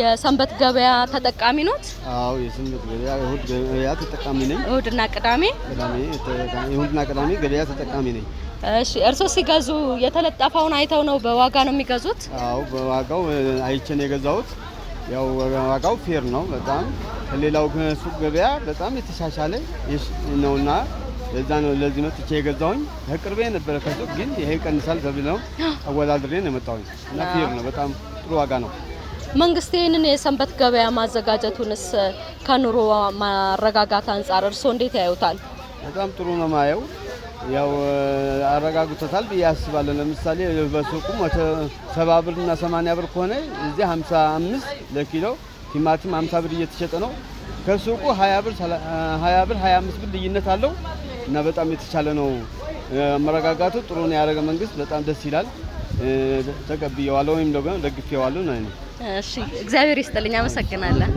የሰንበት ገበያ ተጠቃሚ ኖት? አዎ፣ የሰንበት ገበያ እሁድ ገበያ ተጠቃሚ ነኝ። እሁድና ቅዳሜ እሁድና ቅዳሜ ገበያ ተጠቃሚ ነኝ። እሺ፣ እርስዎ ሲገዙ የተለጠፈውን አይተው ነው በዋጋ ነው የሚገዙት? አዎ፣ በዋጋው አይቼ ነው የገዛሁት። ያው ዋጋው ፌር ነው በጣም ከሌላው ሱቅ ገበያ በጣም የተሻሻለ ነውና ለዛ ነው ለዚህ መጥቼ የገዛሁኝ። ከቅርቤ የነበረ ከሱቅ ግን ይሄ ቀንሳል ተብለው አወዳድሬ ነው የመጣሁኝ እና ፌር ነው በጣም ጥሩ ዋጋ ነው። መንግስት ይህንን የሰንበት ገበያ ማዘጋጀቱንስ ከኑሮ ማረጋጋት አንጻር እርስዎ እንዴት ያዩታል? በጣም ጥሩ ነው ማየው። ያው አረጋግቶታል ብዬ አስባለሁ። ለምሳሌ በሱቁ ሰባ ብር እና ሰማንያ ብር ከሆነ እዚህ ሀምሳ አምስት ለኪሎ ቲማቲም ሀምሳ ብር እየተሸጠ ነው። ከሱቁ ሀያ ብር ሀያ አምስት ብር ልዩነት አለው እና በጣም የተቻለ ነው። መረጋጋቱ ጥሩ ነው ያደረገ መንግስት በጣም ደስ ይላል። ተቀብየዋለሁ ወይም ደግሞ ደግፌዋለሁ ነው። እሺ፣ እግዚአብሔር ይስጥልኝ። አመሰግናለሁ።